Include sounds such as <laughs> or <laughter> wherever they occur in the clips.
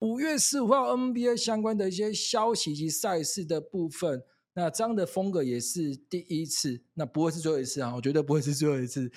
五月十五號 NBA 相關的一些消息及賽事的部分，那這樣的風格也是第一次，那不會是最後一次，啊，我絕對不會是最後一次。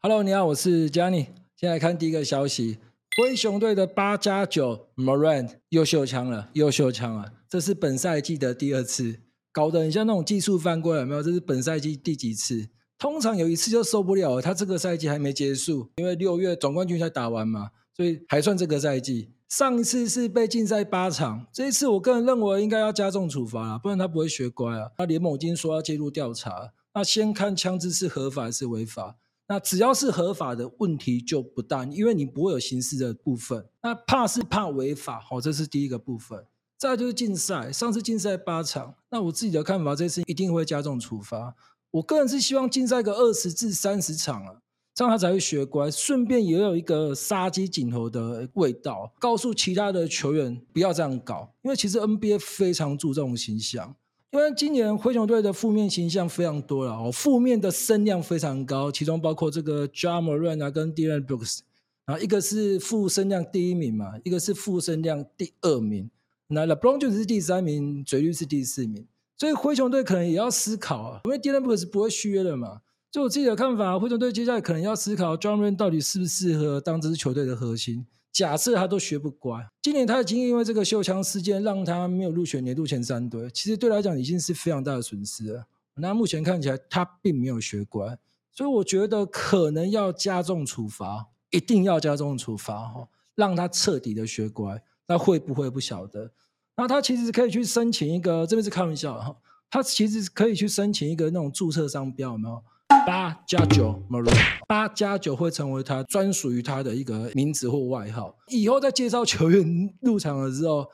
Hello，你好，我是 Johnny。先來看第一個消息：灰熊隊的八加九 Morant 又秀槍了，又秀槍了，這是本賽季的第二次。搞得很像那種技術犯規，有沒有？這是本賽季第幾次？通常有一次就受不了了。他這個賽季還沒結束，因為六月總冠軍才打完嘛，所以還算這個賽季。上一次是被禁賽八場，這一次我個人認為應該要加重處罰了，不然他不會學乖啊。那聯盟今天說要介入調查，那先看槍支是合法還是違法。那只要是合法的問題就不大，因為你不會有刑事的部分。那怕是怕違法，好、哦，這是第一個部分。那就是禁賽，上次禁賽八場，那我自己的看法，這一次一定會加重處罰。我個人是希望禁賽個二十至三十場啊，這樣他才會學乖，順便也有一個殺雞儆猴的味道，告訴其他的球員不要這樣搞。因為其實 NBA 非常注重形象，因為今年灰熊隊的負面形象非常多了，負面的聲量非常高，其中包括這個 Ja Morant 啊，跟 Dillon Brooks 啊，一個是負聲量第一名嘛，一個是負聲量第二名。來了 LeBron James 是第三名，嘴綠是第四名，所以灰熊隊可能也要思考啊，因為 d e n b e r 是不會續約的嘛。就我自己的看法，灰熊隊接下來可能要思考 Ja Morant 到底適不適合當這支球隊的核心。假設他都學不乖，今年他已經因為這個秀槍事件讓他沒有入選年度前三隊，其實對他來講已經是非常大的損失了。那目前看起來他並沒有學乖，所以我覺得可能要加重處罰，一定要加重處罰哦，讓他徹底的學乖。那會不會不曉得？那他其實可以去申請一個，這邊是開玩笑哈、哦。他其實可以去申請一個那種注冊商標，有沒有？八加九 Morant，八加九會成為他專屬於他的一個名字或外號。以後在介紹球員入場的時候，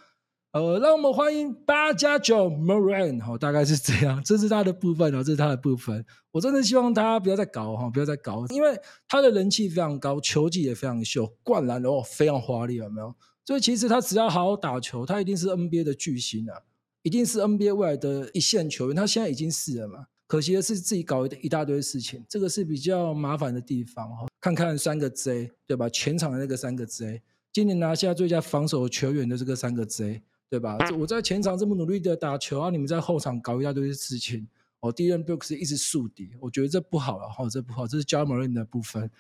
呃，讓我們歡迎八加九 Morant、哦、大概是這樣。這是他的部分啊、哦，這是他的部分。我真的希望他不要再搞哈、哦，不要再搞，因為他的人氣非常高，球技也非常秀，灌籃然後、哦、非常華麗，有沒有？所以其實他只要好好打球，他一定是 NBA 的巨星啊，一定是 NBA 未來的一線球員。他現在已經是了嘛？可惜的是自己搞一一大堆事情，這個是比較麻煩的地方、哦、看看三個 J 對吧？前場的那個三個 J，今年拿、啊、下最佳防守的球員的這個三個 J 對吧？我在前場這麼努力的打球啊，你們在後場搞一大堆事情哦。Dillon Brooks 一直樹敵，我覺得這不好了、啊、哈、哦，這不好，這是 Ja Morant 的部分。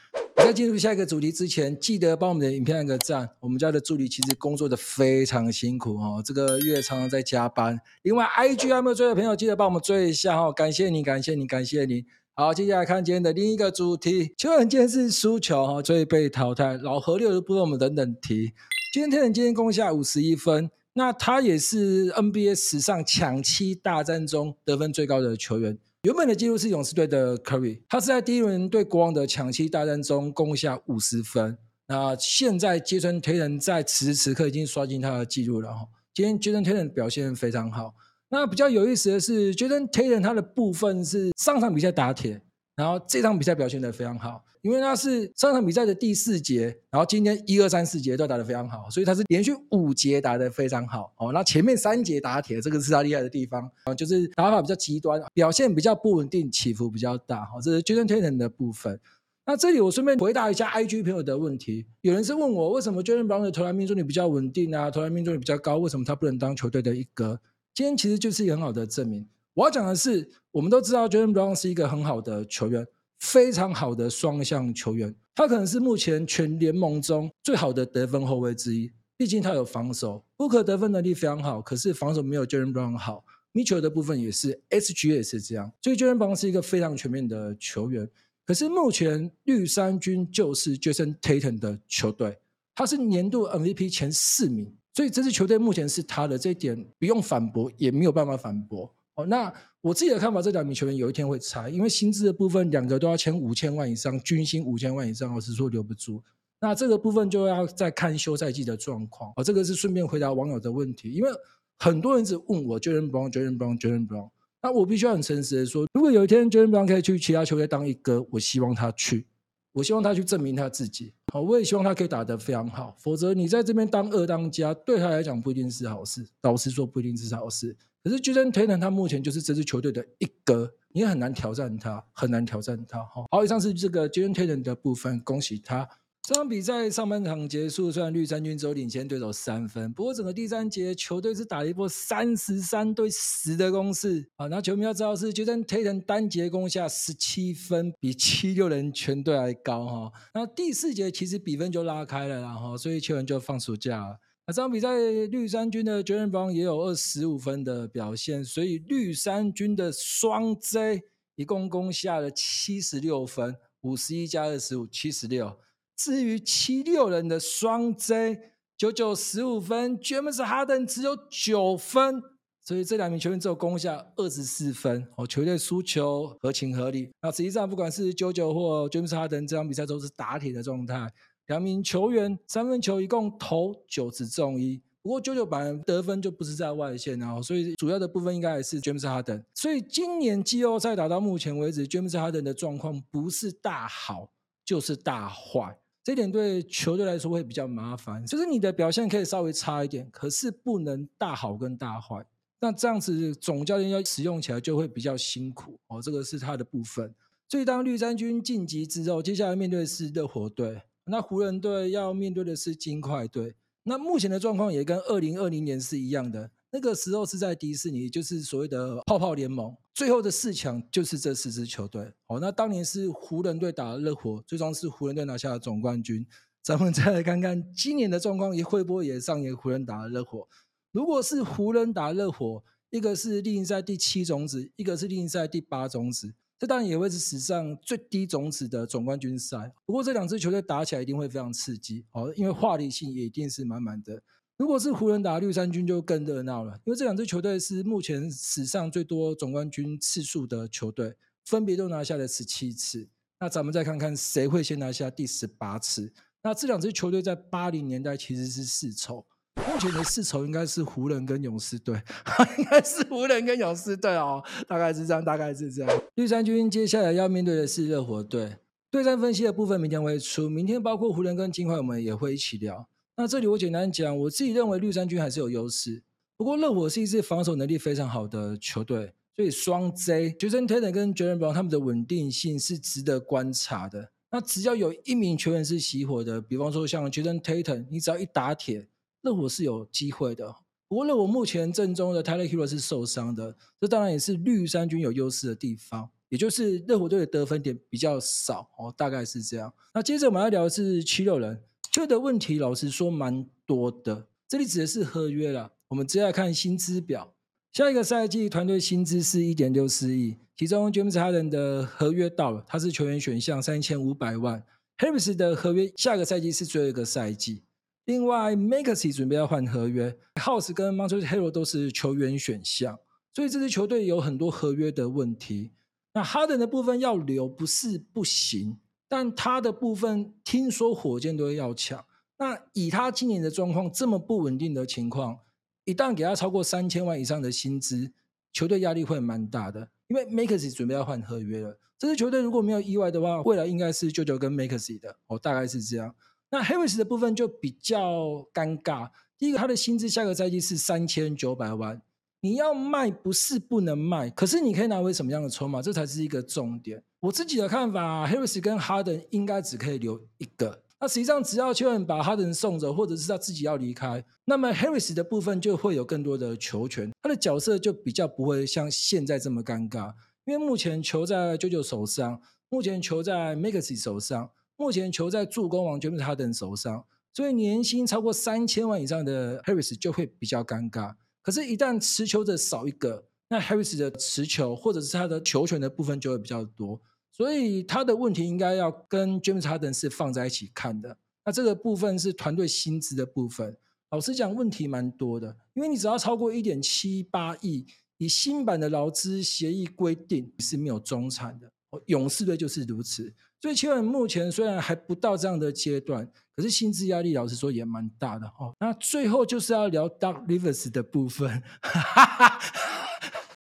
在進入下一個主題之前，記得幫我們的影片按個讚。我們家的助理其實工作的非常辛苦哦，這個月常常在加班。另外，IG 還沒有追的朋友記得幫我們追一下哦，感謝你，感謝你，感謝你。好，接下來看今天的另一個主題，球員今天是輸球哈、哦，所以被淘汰。老何六不跟我們等等提，今天的神今天攻下五十一分，那他也是 NBA 史上搶七大戰中得分最高的球員。原本的記錄是勇士隊的 Curry，他是在第一輪對國王的搶七大戰中攻下五十分。那現在傑森 ·Tatum 在此時此刻已經刷新他的記錄了哈。今天傑森 ·Tatum 表現非常好。那比較有意思的是，傑森 ·Tatum 他的部分是上場比賽打鐵。然後這場比賽表現得非常好，因為他是上場比賽的第四節，然後今天一二三四節都打得非常好，所以他是連續五節打得非常好。哦，那前面三節打鐵，這個是他厲害的地方啊、哦，就是打法比較極端，表現比較不穩定，起伏比較大。哈、哦，這是 Jayson Tatum 的部分。那這裡我順便回答一下 IG 朋友的問題，有人是問我為什麼 Jaylen Brown 的投籃命中率比較穩定啊，投籃命中率比較高，為什麼他不能當球隊的一哥？今天其實就是一個很好的證明。我要講的是，我們都知道 Jaylen Brown 是一個很好的球員，非常好的雙向球員。他可能是目前全聯盟中最好的得分後衛之一。畢竟他有防守，Booker 得分能力非常好，可是防守沒有 Jaylen Brown 好。Mitchell 的部分也是 SGA 也是這樣，所以 Jaylen Brown 是一個非常全面的球員。可是目前綠衫軍就是 Jayson Tatum 的球隊，他是年度 MVP 前四名，所以這支球隊目前是他的，這一點不用反駁，也沒有辦法反駁。哦，那我自己的看法，這兩名球員有一天會拆，因為薪資的部分，兩個都要簽五千萬以上，均薪五千萬以上，我是說留不住。那這個部分就要再看休賽季的狀況。哦，這個是順便回答網友的問題，因為很多人一直問我 Jaylen Brown，Jaylen Brown，Jaylen Brown。那我必須要很誠實的說，如果有一天 Jaylen Brown 可以去其他球隊當一哥，我希望他去，我希望他去證明他自己。好，我也希望他可以打得非常好，否則你在這邊當二當家，對他來講不一定是好事。老實說不一定是好事。可是 Jayson Tatum 他目前就是這支球隊的一哥，也很難挑戰他，很難挑戰他哈。好，以上是這個 Jayson Tatum 的部分，恭喜他。這場比賽上半場結束，雖然綠衫軍只有領先對手三分，不過整個第三節球隊是打了一波三十三對十的攻勢啊。那球迷要知道是 Jayson Tatum 單節攻下十七分，比七六人全隊還高哈、哦。那第四節其實比分就拉開了啦，然、哦、後所以球員就放暑假了。這場比賽綠衫軍的 Jaylen Brown 也也有二十五分的表現，所以綠衫軍的雙 J 一共攻下了七十六分，五十一加二十五，七十六。至於七六人的雙 J 九九十五分，James Harden 只有九分，所以這兩名球員只有攻下二十四分，哦，球隊輸球合情合理。那實際上不管是九九或 James Harden 這場比賽都是打鐵的狀態。兩名球員三分球一共投九次中一，不過九九本人得分就不是在外線，啊，然後所以主要的部分應該還是詹姆斯哈登。所以今年季後賽打到目前為止，詹姆斯哈登的狀況不是大好就是大壞，這點對球隊來說會比較麻煩。就是你的表現可以稍微差一點，可是不能大好跟大壞。那這樣子總教練要使用起來就會比較辛苦哦，這個是他的部分。所以當綠衫軍晉級之後，接下來面對的是熱火隊。那湖人隊要面對的是金塊隊，那目前的狀況也跟二零二零年是一樣的，那個時候是在迪士尼，就是所謂的泡泡聯盟，最後的四強就是這四支球隊。哦，那當年是湖人隊打熱火，最終是湖人隊拿下了總冠軍。咱們再來看看今年的狀況，也會不會也上演湖人打熱火？如果是湖人打熱火，一個是例行賽第七種子，一個是例行賽第八種子。這當然也會是史上最低種子的總冠軍賽，不過這兩支球隊打起來一定會非常刺激哦，因為話題性也一定是滿滿的。如果是湖人打綠衫軍，就更熱鬧了，因為這兩支球隊是目前史上最多總冠軍次數的球隊，分別都拿下了十七次。那咱們再看看誰會先拿下第十八次？那這兩支球隊在八零年代其實是世仇。目前的世仇應該是湖人跟勇士隊， <laughs> 應該是湖人跟勇士隊哦，大概是這樣，大概是這樣。綠衫軍接下來要面對的是熱火隊。對戰分析的部分明天會出，明天包括湖人跟金塊我們也會一起聊。那這裡我簡單講，我自己認為綠衫軍還是有優勢。不過熱火是一支防守能力非常好的球隊，所以雙 J，Jayson Tatum 跟 Jaylen Brown 他們的穩定性是值得觀察的。那只要有一名球員是熄火的，比方說像 Jayson Tatum，你只要一打鐵。熱火是有機會的，不過熱火目前陣中的 Tyler Herro 是受傷的，這當然也是綠衫軍有優勢的地方，也就是熱火隊的得分點比較少哦，大概是這樣。那接着我們要聊的是七六人，這的問題，老實說蠻多的，這裡指的是合約了。我們直接來看薪資表，下一個賽季團隊薪資是一點六四億，其中 James Harden 的合約到了，他是球員選項三千五百萬，Harris 的合約下個賽季是最後一個賽季。另外，Maxey 準備要換合約，House 跟 Montrezl Harrell 都是球員選項，所以這支球隊有很多合約的問題。那哈登的部分要留不是不行，但他的部分聽說火箭都要搶。那以他今年的狀況這麼不穩定的情況，一旦給他超過三千萬以上的薪資，球隊壓力會蠻大的。因為 Maxey 準備要換合約了，這支球隊如果沒有意外的話，未來應該是舅舅跟 Maxey 的，哦，大概是這樣。那 Harris 的部分就比較尷尬。第一個，他的薪資下個賽季是三千九百萬，你要賣不是不能賣，可是你可以拿回什麼樣的籌碼，這才是一個重點。我自己的看法，Harris 跟 Harden 應該只可以留一個。那實際上，只要確認把 Harden 送走，或者是他自己要離開，那麼 Harris 的部分就會有更多的球權，他的角色就比較不會像現在這麼尷尬。因為目前球在 JoJo 手上，目前球在 Maxey 手上。目前球在助攻王 Harden 手上，所以年薪超過三千萬以上的 r i 斯就會比較尷尬。可是，一旦持球的少一個，那 r i 斯的持球或者是他的球權的部分就會比較多。所以，他的問題應該要跟 Harden 是放在一起看的。那這個部分是團隊薪資的部分。老實講，問題蠻多的，因為你只要超過一點七八億，以新版的勞資協議規定是沒有中產的。哦，勇士隊就是如此，所以球員目前雖然還不到這樣的階段，可是薪資壓力老實說也蠻大的哦。那最後就是要聊 Doc Rivers 的部分。哈哈哈。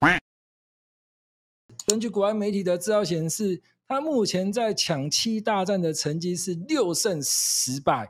喂。根據國外媒體的資料顯示，他目前在搶七大戰的成績是六勝十敗，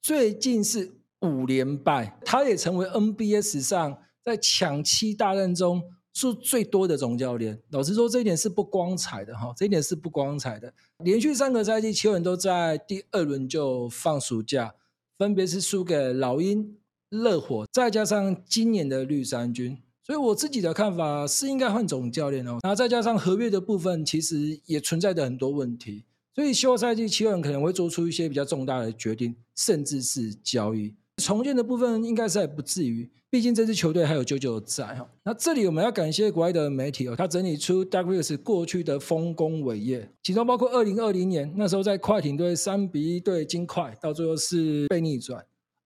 最近是五連敗，他也成為 NBA 史上在搶七大戰中，數最多的總教練，老實說這一點是不光彩的哈，這一點是不光彩的。連續三個賽季，76人都在第二輪就放暑假，分別是輸給老鷹、熱火，再加上今年的綠衫軍。所以我自己的看法是應該換總教練哦。那再加上合約的部分，其實也存在着很多問題。所以休賽季，76人可能會做出一些比較重大的決定，甚至是交易重建的部分，應該是還不至於。畢竟這支球隊還有九九在哈、哦，那這裡我們要感謝國外的媒體哦，他整理出 Doc Rivers 過去的豐功偉業，其中包括二零二零年那時候在快艇隊三比一對金塊，到最後是被逆轉；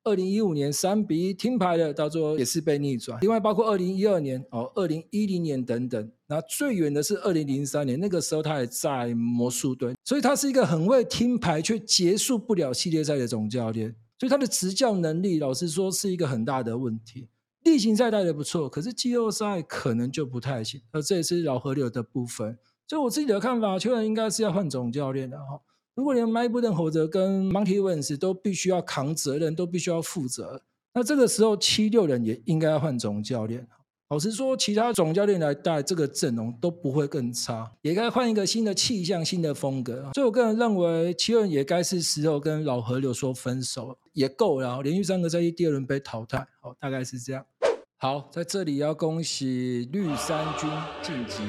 二零一五年三比一聽牌的，到最後也是被逆轉。另外包括二零一二年哦，二零一零年等等。那最遠的是二零零三年，那個時候他也在魔術隊，所以他是一個很會聽牌卻結束不了系列賽的總教練，所以他的執教能力老實說是一個很大的問題。例行賽帶得不錯，可是季後賽可能就不太行。而這也是老河流的部分。所以我自己的看法，七六人應該是要換總教練的哈。如果連麥布頓或者跟 Monty Williams 都必須要扛責任，都必須要負責，那這個時候七六人也應該要換總教練。老實說，其他總教練來帶這個陣容都不會更差，也該換一個新的氣象、新的風格。所以我個人認為，七六人也該是時候跟老河流說分手了，也夠了啊。連續三個賽季第二輪被淘汰，哦，大概是這樣。好，在這裡要恭喜綠衫軍晉級，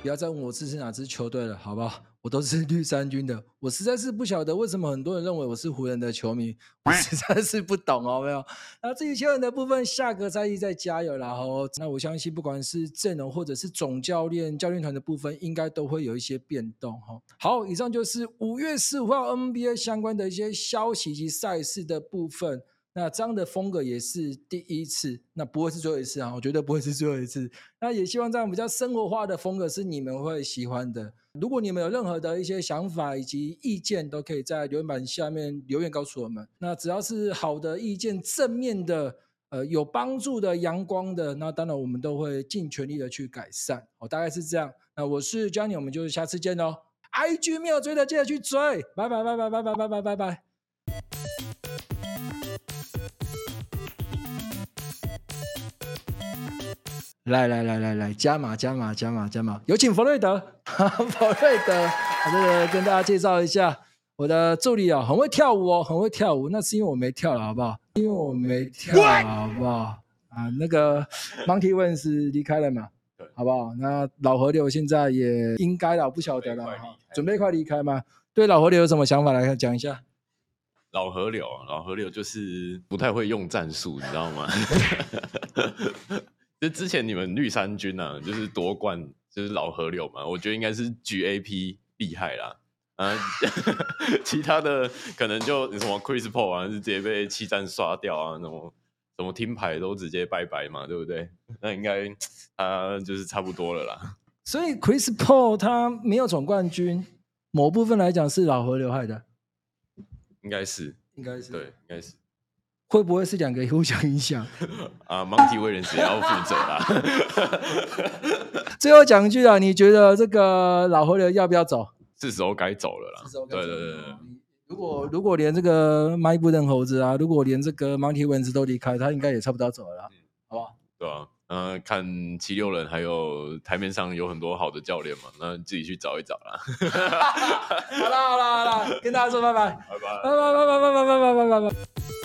不要再問我支持哪支球隊了，好不好？我都是綠衫軍的，我實在是不曉得為什麼很多人認為我是湖人的球迷，我實在是不懂哦，欸、好沒有。那至於球員的部分，下個賽季再加油啦。哈。那我相信，不管是陣容或者是總教練、教練團的部分，應該都會有一些變動哈。好，以上就是五月十五號 NBA 相關的一些消息及賽事的部分。那這樣的風格也是第一次，那不會是最後一次啊！我覺得不會是最後一次。那也希望這樣比較生活化的風格是你們會喜歡的。如果你們有任何的一些想法以及意見，都可以在留言板下面留言告訴我們。那只要是好的意見、正面的、呃有幫助的、陽光的，那當然我們都會盡全力的去改善。哦，大概是這樣。那我是 Johnny，我們就下次見嘍。IG 沒有追的記得去追，拜拜拜拜拜拜拜拜拜。來來來來來，加碼加碼加碼加碼，有請弗瑞德， <laughs> 弗瑞德，這 <laughs> 個、啊、跟大家介紹一下我的助理啊、哦，很會跳舞哦，很會跳舞，那是因為我沒跳了，好不好？因為我沒跳了，What? 好不好？啊，那個 Monty Williams 是離開了嘛？ <laughs> 好不好？那老河流現在也應該了，不曉得了哈，對準備準備快離開嗎？對，老河流有什麼想法？來講一下。老河流、啊，老河流就是不太會用戰術，你知道嗎？ <laughs> <laughs> 就之前你們綠衫軍啊，就是奪冠就是老河流嘛，我覺得應該是 GAP 厲害啦，啊， <laughs> 其他的可能就什麼 Chris Paul 啊，是直接被七戰刷掉啊，什麼什麼聽牌都直接拜拜嘛，對不對？那應該他、呃、就是差不多了啦。所以 Chris Paul 他沒有總冠軍，某部分來講是老河流害的，應該是，應該是，對，應該是。會不會是兩個互相影響？ <laughs> 啊，Monty Williams 也要負責啦。 <laughs> <laughs> 最後講一句啊，你覺得這個老河人要不要走？是時候該走了啦。了啦，對對對。嗯、如果如果連這個邁步的猴子啊，如果連這個 Monty Williams 都離開，他應該也差不多走了啦，嗯、好吧？對啊，嗯、呃，看七六人還有台面上有很多好的教練嘛，那自己去找一找啦。 <laughs> <laughs> 好啦好啦好啦，好啦，跟大家說拜拜。拜拜拜拜拜拜拜拜拜。